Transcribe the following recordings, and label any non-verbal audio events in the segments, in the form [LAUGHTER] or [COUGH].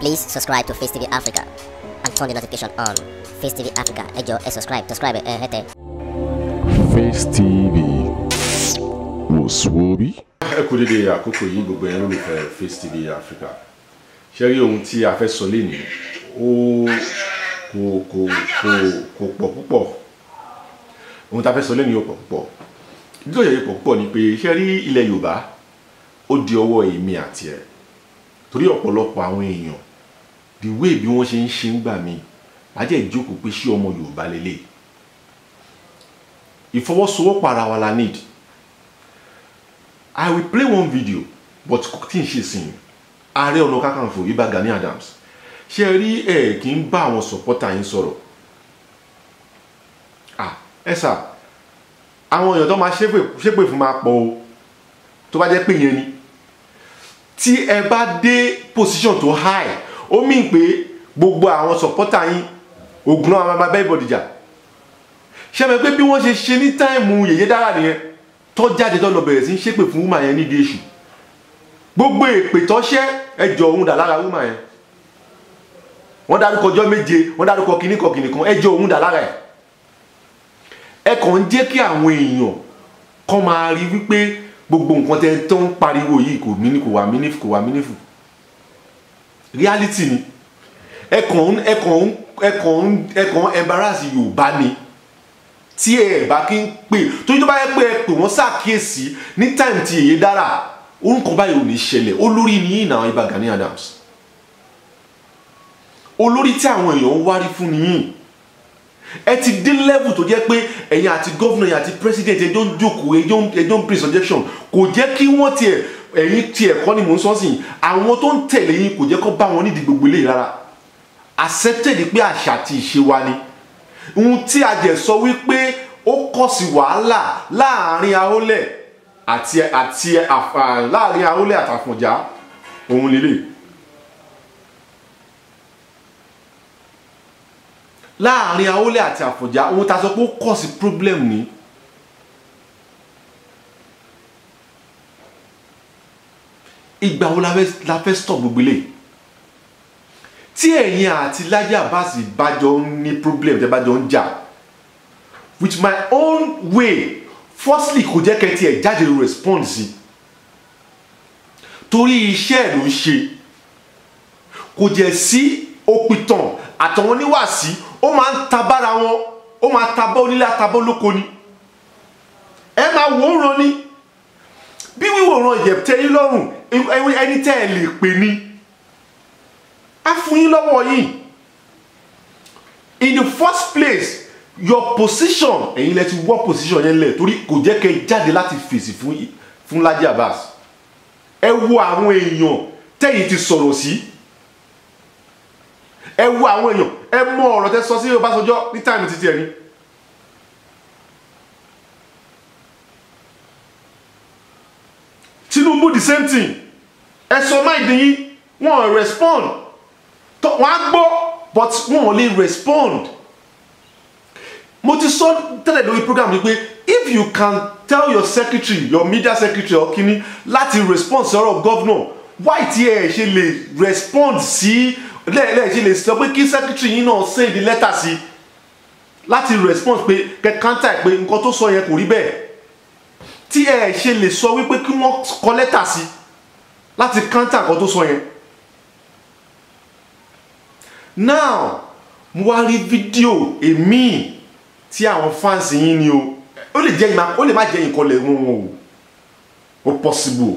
Please subscribe to Face TV Africa and turn the notification on. Face TV Africa, ẹ jọ̀ọ́ subscribe, subscribe eh? hẹ́tẹ̀. Face TV wò sùwọ́ bí. Ẹ kú dédé àkókò yìí gbogbo ẹ̀yin olùfẹ́ Face TV Africa. Ṣé rí ohun tí a fẹ́ sọ lénìí? Ó kò kò kò kò pọ̀ púpọ̀. Ohun tá a fẹ́ sọ lénìí ó pọ̀ púpọ̀. Ìdílé òyìnbó pọ̀ púpọ̀ ni pé ṣé rí ilẹ̀ Yorùbá ó di ọwọ́ èmi àti ẹ̀ torí ọ̀pọ̀lọpọ̀ àwọn èèyàn the way bí wọ́n ṣe ń ṣe ń gbà mí ajẹ́ ìjókòó pé ṣé ọmọ Yorùbá lélẹ̀ ìfọwọ́sowọ́pọ̀ ara wa la need I will play one video but tí n ṣe sìn Ààrẹ Ọ̀nà Kakanfò Ìbà Gani Adams ṣe rí ẹ̀ kí n bá àwọn supporter yín sọ̀rọ̀ ẹ sà àwọn èèyàn tó máa ṣépè fún máa pọ̀ o tó bá jẹ́ pé yẹn ni tí ẹ bá dé position tó high ó mì pé gbogbo àwọn sọ̀pọ́tà yín ogun náà máa bá ìbọ̀dì jà ṣe mọ̀ pé bí wọ́n ṣe ṣe ní táìmù yèyé dára nìyẹn tó jáde tó lọ bẹ̀rẹ̀ sí ń ṣépè fún wúmà yẹn nídìí èṣù gbogbo èpè tó ṣẹ́ ẹjọ́ òun dà lára wúmà yẹn wọ́n dárúkọ ọjọ́ méje wọ́n dárúkọ kínní kan kínní kan ẹjọ́ òun dà lára ẹ̀ ẹ kàn ń jẹ́ kí àwọn èèyàn kọ́ máa rí wípé gbogbo nǹkan tẹ́ tó ń pariwo yìí kò wà mínífù kò wà mínífù reality ni ẹkàn ń ẹkàn ń ẹkàn ń ẹkàn embarrass yorùbá ni tí ẹ bá kí ń pè torí tó bá yẹ pé ẹ pè wọ́n ṣàkíyèsí ní time tí èyí dára orúkọ báyìí ò ní ṣẹlẹ̀ olórí ni yìí náà Ìbà Gani Adams olórí tí àwọn èèyàn ń wárí fún nìyí ẹ ti dé level tó jẹ́ pé ẹ̀yin àti gọ́vnà ẹ̀yin àti president ẹjọ́ ń jókòó ẹjọ́ ń ẹjọ́ ń bring suggestion kò jẹ́ kí wọ́n tiẹ̀ ẹ̀yin tí ẹ̀kọ́ ni mò ń sọ́sìn àwọn tó ń tẹ̀lé yín kò jẹ́ kó bá wọn nídìí gbogbo eléyìí rárá accepted pé àṣà àti ìṣe wa ni ohun tí a jẹ́ sọ wípé ó kọ̀ sí wàhálà láàrin ahólẹ̀ àti àti láàrin ahólẹ̀ àtàfọ̀njá òun lélẹ̀ láàrin ahólẹ̀ àti àfọ̀njá ohun tá a sọ pé ó kọ̀ sí problem ni. ìgbà wo la fẹ́ stop gbogbo eléyìí tí ẹ̀yin àti Laji Abbas ìbájọ ń ní problem tẹ́ bá jọ ń jà with my own way firstly kò jẹ́ kẹ́ tiẹ̀ jáde ló respond sí torí iṣẹ́ ẹ̀ ló ń ṣe kò jẹ́ sí òpìtàn àtọ̀wọn oníwàásí ó máa ń ta bára wọn ó máa ta bá onílé àtabọ́ lóko ni ẹ máa wòóràn ni bí wíwòrán ìyẹ̀tẹ́ yín lọ́rùn ẹni tẹ́ ẹ lè pè ní á fún yín lọ́wọ́ yìí in the first place your position ẹ̀yin lẹ ti wọ́ position yẹn lẹ̀ torí kò jẹ́ kẹ́ jáde láti fèsì fún fún Laji Abbas ẹ wo àwọn èèyàn tẹ́yìn ti sọ̀rọ̀ sí ẹ wo àwọn èèyàn ẹ mọ ọ̀rọ̀ tẹ́ sọ sí Ọbásanjọ́ ní táìmù títí ẹ̀ ni the same thing ẹ̀sọ́ máìdì yìí wọ́n respond wọ́n á gbọ́ but wọ́n ò lè respond mo ti sọ tẹ́lẹ̀ lórí program yìí pé if you can tell your secretary your media secretary or kini láti respond sọ̀rọ̀ governor why tí ẹ ṣe lè respond sí lẹ́ẹ̀lẹ́ ṣe lè sọ pé kí secretary yín náà send the letter sí láti respond pé kẹ́kàntà pé nǹkan tó sọ yẹn kò rí bẹ́ẹ̀ tí ẹ ṣe lè sọ wípé kí wọ́n kọ lẹ́tà sí láti kántà kan tó sọ yẹn now mo wá rí fídíò èmi tí àwọn fans yín ni o ó lè jẹ́ ìmá ó lè má jẹ́ ìkọlẹ̀ wọn o ó possible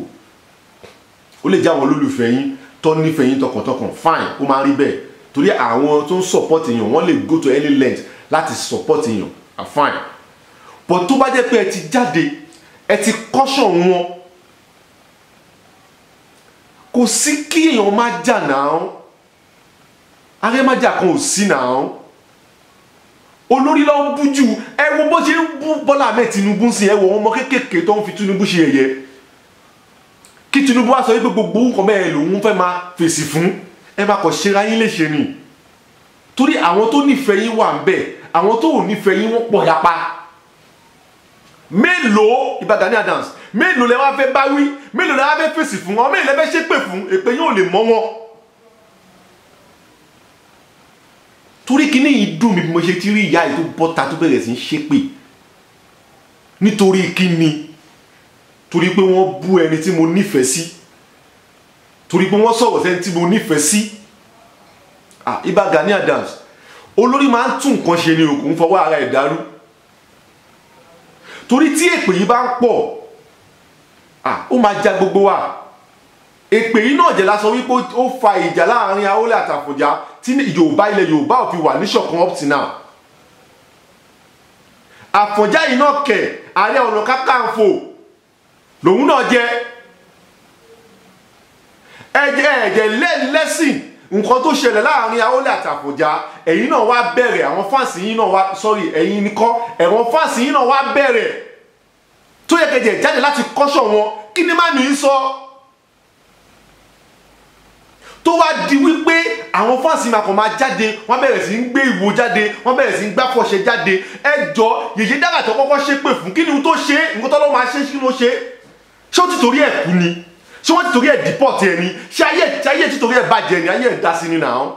ó lè jẹ́ àwọn olólùfẹ́ yín tó nífẹ̀ẹ́ yín tọkàntọkàn fine ó máa rí bẹ́ẹ̀ torí àwọn tó ń support èèyàn wọ́n lè go to any length láti support èèyàn ah, fine but tó bá jẹ́ pé ẹ ti jáde ẹ ti kọ́ṣọ̀ wọn kò sí kí èèyàn má jà náà arẹ́májà kan ò sí náà olórí ló ń bú jù ẹ wo bó ṣe ń bú Bọ́lá Ahmed Tinubu sí ẹ wo ọmọ kéékèèké tó ń fi Tinubu ṣe yẹ̀yẹ́ kí Tinubu wá sọ wípé gbogbo nǹkan bẹ́ẹ̀ lòun fẹ́ máa fèsì fún ẹ má kàn ṣera yín léṣe nì torí àwọn tó nífẹ̀ẹ́ yín wà ń bẹ̀ àwọn tó ò nífẹ̀ẹ́ yín wọ́n pọ̀ yapa mélòó Ìbà Gani Adams mélòó lẹ wá fẹ́ bá wí mélòó lẹ wá fẹ́ fèsì fún wọn mélòó lẹ fẹ́ ṣépè fún èpè yóò lè mọ wọn. torí kíní yìí dùn mí bí mo ṣe ti rí ìyá yìí tó bọ́ta tó bẹ̀rẹ̀ sí í ṣépè nítorí kíni torí pé wọ́n bú ẹni tí mo nífẹ̀ẹ́ sí torí pé wọ́n sọ̀rọ̀ sẹ́ni tí mo nífẹ̀ẹ́ sí Ìbà Gani Adams olórí máa ń tún nǹkan ṣe ni òkú ń fọwọ́ ara ẹ̀ dàrú torí tí èpè yìí bá ń pọ̀ ó máa ja gbogbo wa èpè yìí náà jẹ́ lásán wípé ó fa ìjà láàrin Awólé àtàfọ̀njá tí Yorùbá ilẹ̀ Yorùbá ò fi wà níṣọ̀kan up to now Àfọ̀njá yìí náà kẹ̀ Ààrẹ Ọ̀nà Kakanfò lòun náà jẹ́ ẹ̀jẹ̀ ẹ̀jẹ̀ lẹ́sìn nǹkan tó ṣẹlẹ̀ láàrin Awólẹ̀ àtàkùnjà ẹ̀yin náà wá bẹ̀rẹ̀ àwọn fáǹsì yín náà wá sọ́rí ẹ̀yin nìkọ́ ẹ̀wọ̀n fáǹsì yín náà wá bẹ̀rẹ̀ tó yẹ kẹjẹ jáde láti kọ́ṣọ̀ wọn kí ni má ní í sọ tó wá di wípé àwọn fáǹsì máa kàn máa jáde wọ́n bẹ̀rẹ̀ sí ń gbé ìwo jáde wọ́n bẹ̀rẹ̀ sí ń gbá fọṣẹ jáde ẹjọ yèyé dára kọ́kọ́ ni tó ṣe nǹkan tó lọ́ máa ṣe kí ló ni ṣé wọ́n ti torí ẹ̀ dìpọ̀tì ẹni ṣé ayé ṣé ayé ti torí ẹ̀ bàjẹ́ ni ayé ẹ̀ dá sí ni nà án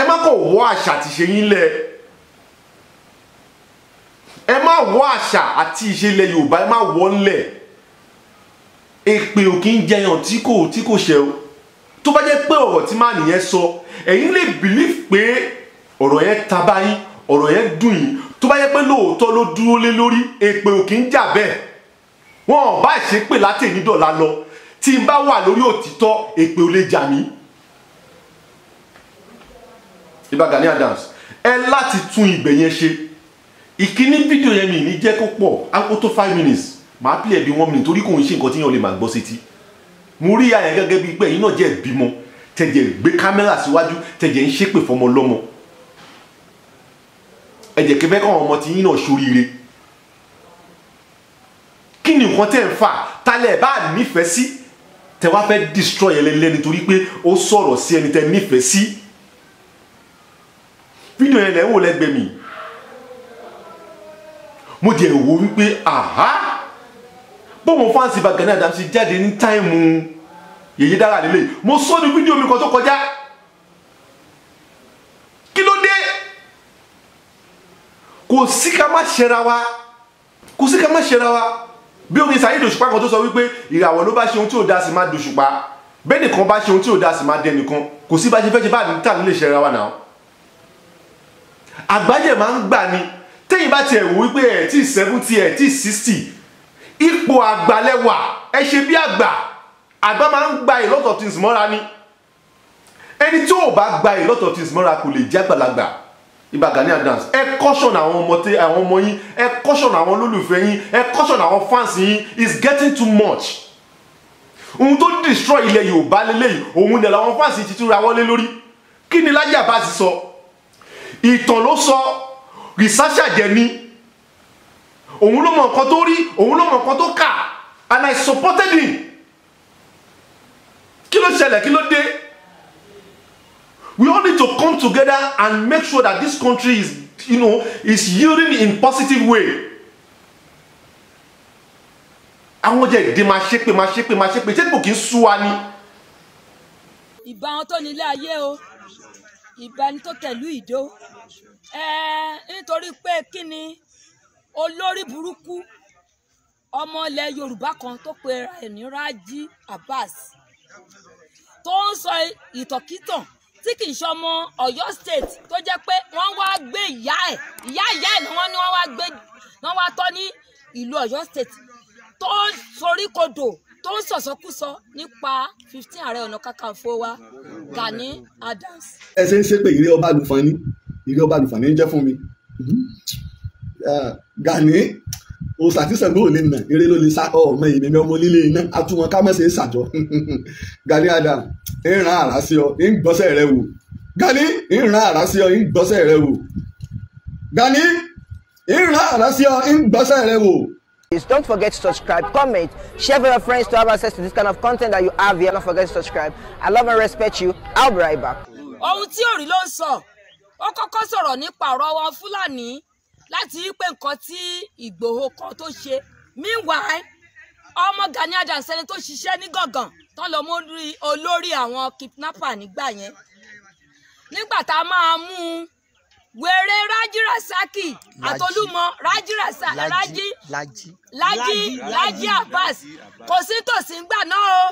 ẹ má kàn wọ àṣà àti ìṣe yín lẹ ẹ má wọ àṣà àti ìṣe ilẹ̀ Yorùbá ẹ má wọ ńlẹ̀ èpè ò kí ń jẹyàn tí kò tí kò ṣẹ o tó bá jẹ́ pé ọ̀rọ̀ tí má nìyẹn sọ ẹ̀yin lè bìlíf pé ọ̀rọ̀ yẹn ta báyìí ọ̀rọ̀ yẹn dùn yìí tó bá yẹ pé lóòótọ́ ló dúró lé lórí èpè ò kí ń jà bẹ́ẹ̀ wọn ò bá ṣe pè látẹ̀nídọ̀la lọ tí n bá wà lórí òtítọ́ èpè ò lè jà mí ibà Gani Adams ẹ láti tún ibẹ̀ yẹn ṣe ìkíní fídíò yẹn mi ní jẹ́ kó pọ̀ ápò tó five minutes màá pè ẹ̀bí one minute torí kò ń ṣe nǹkan tí yẹn ò lè máa gbọ́ sétí mo rí àyàn gẹ́gẹ́ bíi pé ẹ̀yin náà jẹ́ ìbímọ tẹ̀jẹ̀ gbé kámẹ́rà síwájú tẹ̀jẹ̀ ń ṣépè fọmọ lọ́mọ ẹ̀jẹ̀ kẹfẹ́ kọ́ àwọn ọmọ tí yín náà ṣoríire kí ni nǹkan tẹ́ ń fà tálẹ̀ bá nífẹ̀ẹ́ sí tẹ wá fẹ́ destroy ẹlẹ́lẹ́ nítorí pé ó sọ̀rọ̀ sí ẹni tẹ nífẹ̀ẹ́ sí fídíò yẹn lẹ́wọ̀ lẹ́gbẹ̀ẹ́ mi mo jẹ́ wò wípé àhá bọ́mọ fáǹsì Gani Adams jáde ní táìmù Yèyé Dára lélẹ̀ mo sọ ní fídíò mi kan tó kọjá kí ló dé kò sí ká má ṣẹra wa kò sí ká má ṣẹra wa bí orin Saheed Òṣùpá kan tó sọ wípé ìràwọ̀ ló bá ṣe ohun tí ò dá sí má dòṣùpá bẹ́ẹ̀ni kan bá ṣe ohun tí ò dá sí má dẹnìkan kò sí bá ṣe fẹ́ ṣe bá àdìtà nílé iṣẹ́ ra wa náà àgbájẹ̀ máa ń gbà ni tẹ́yìn bá tiẹ̀ wò wípé ẹ̀ tí seventy ẹ̀ tí sixty ipò àgbàlẹ́wà ẹ ṣe bí àgbà àgbà máa ń gba a lot of things mọ́ra ni ẹni tí ò bá gba a lot of things mọ́ra kò lè jẹ́ àgbàlagbà Ìbà Gani Adams ẹ caution àwọn ọmọ àwọn ọmọ yín ẹ caution àwọn olólùfẹ́ yín ẹ caution àwọn fans yín it's getting too much ohun tó destroy ilẹ̀ Yorùbá lélẹ́yìí òun dẹ̀ làwọn fans yìí ti tún ra wọlé lórí kí ni Laji Abbas sọ ìtàn ló sọ researcher jẹ ni òun ló mọ nǹkan tó rí òun ló mọ nǹkan tó kà and I supported him kí ló ṣẹlẹ̀ kí ló dé we all need to come together and make sure that this country is you know is yielding in positive way àwọn jẹ ìdè máa ṣépè máa ṣépè máa ṣépè ṣépè kì í sú wa ni. ìbà àwọn tó nílé ayé o ìbà ẹni tó tẹ̀lú ìdó nítorí pé kí ni olórí burúkú ọmọ ilẹ̀ yorùbá kan tó pe ẹ̀nìrán jí abbas tó ń sọ ìtọ̀kítàn tí kì í ṣọmọ Ọ̀yọ́ state tó jẹ́ pé wọ́n wá gbé ìyá ẹ̀ ìyá ìyá ẹ̀ ni wọ́n ní wọ́n wá gbé wọ́n wá tọ́ ní ìlú Ọ̀yọ́ state tó ń sorí kodò tó ń sọ̀sọ́kúsọ nípa fifteen ààrẹ ọ̀nà kakanfò wa Gani Adams. ẹ ṣe ń ṣe pé ìrẹ́ ọba àlùfáàní ìrẹ́ ọba àlùfáàní ń jẹ́ fún mi hmm. ah, Gani òòsà tí ò lè nà eré ló lè sá ọmọ èmi mi ọmọ líle iná atúmọ̀ ká mọ̀sẹ̀ ṣàjọ [LAUGHS] Gani Adam ń ran sí ọ ń gbọ́sẹ̀ rẹ wò Gani ń ran sí ọ ń gbọ́sẹ̀ rẹ wò Gani ń ran sí ọ ń gbọ́sẹ̀ rẹ wò. Please don't forget to subscribe, comment, share with your friends to have access to this kind of content that you have here. Don't forget to subscribe. I love and respect you. I'll be right back. Ohun tí òrì ló ń sọ, ó kọ́kọ́ sọ̀rọ̀ nípa ọ̀rọ̀ wa Fúlàní láti rí pé nǹkan tí Ìgbòho kan tó ṣe meanwhile ọmọ Gani Adams ẹni tó ṣiṣẹ́ ní gàngàn tán lọ mú olórí àwọn kidnapper nígbà yẹn nígbà tá a máa mú un wèrè Rájí Rasaki àtolúmọ Rájí Rasaki Rájí Lájí Lájí Abbas kò sí tòsí ńgbà náà o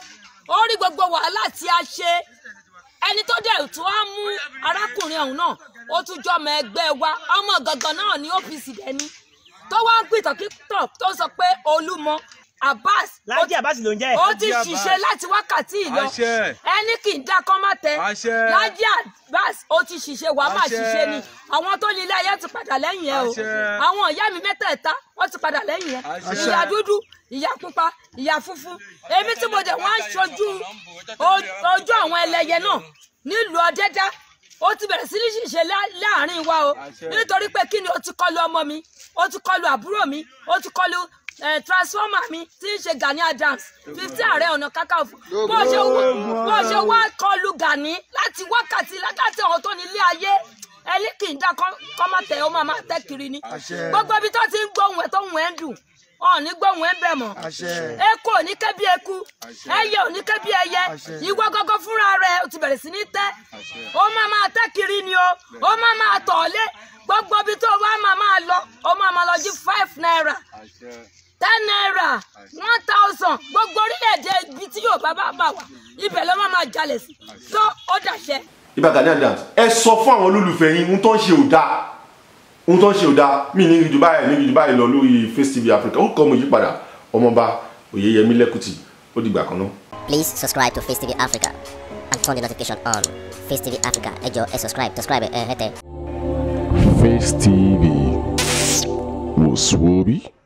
ó rí gbogbo wàhálà tí a ṣe ẹni tó dẹ̀ tún á mú arákùnrin ọ̀hún náà ó tún jọmọ ẹgbẹ́ wa ọmọ gangan náà ní OPC dẹni tó wá ń pìtàn kíkọ tó sọ pé Olúmọ Abbas Láàjì Abbas ló ń jẹ́ ó ti ṣiṣẹ́ láti wákàtí ìlọ ẹni kì í dá kán má tẹ Láàjì Abbas ó ti ṣiṣẹ́ wàá má ṣiṣẹ́ ni àwọn tó ní ilé ayé ti padà lẹ́yìn ẹ o àwọn ìyá mi mẹ́tẹ̀ẹ̀ta wọ́n ti padà lẹ́yìn ẹ ìyá dúdú ìyá pupa ìyá funfun èmi tí mo dẹ̀ wọ́n á ṣojú ojú àwọn ẹlẹ́yẹ náà nílùú ọdẹ́dá ó ti bẹ̀rẹ̀ sí ní ṣìṣe láàrin wa o nítorí pé kí ni ó ti kọlu ọmọ mi ó ti kọlu àbúrò mi ó ti kọlu transformer mi tí ń ṣe Gani Adams fifteen ààrẹ ọ̀nà kakanfò bó ṣe bó ṣe wá kọlu Gani láti wákàtí lákàtí ọ̀hún tó ní ilé ayé ẹlẹ́kìndà kọ́ máa tẹ̀ ọ́ máa máa tẹ́ kiri ni gbogbo ibi tó ti ń gbóhùn ẹ̀ tó ń wẹ̀ ń dùn ọ̀ní gbóhùn ẹ̀ Eko, bẹ̀ mọ́ eku òní ké bí eku ẹyẹ òní ké bí ẹyẹ ìwọ gọgọ fúnra rẹ o ti bẹ̀rẹ̀ sí ní tẹ́ ó máa máa tẹ́ ni o ó máa máa tọ̀ gbogbo ibi tó wá máa máa lọ ó máa máa lọ jí five naira ten naira one thousand gbogbo orílẹ̀-èdè ibi tí yóò bá bá bà wá ibẹ̀ ló máa máa jalè sí so ó dàṣẹ. Ìbà Gani Adams ẹ sọ fún àwọn olólùfẹ́ yín ohun tó ń ṣe ò ohun tó ń ṣe ò dáa mí ní jù báyìí ní jù báyìí lọ lórí Face Africa ó kọ́ ọmọ yìí padà ọmọọba Oyèyẹmí Lẹ́kùtì ó dìgbà kan náà. Please subscribe to Face TV Africa and turn the notification on Face TV Africa ẹ jọ̀ọ́ ẹ subscribe subscribe ẹ hẹtẹ. Face TV wò sùn orí.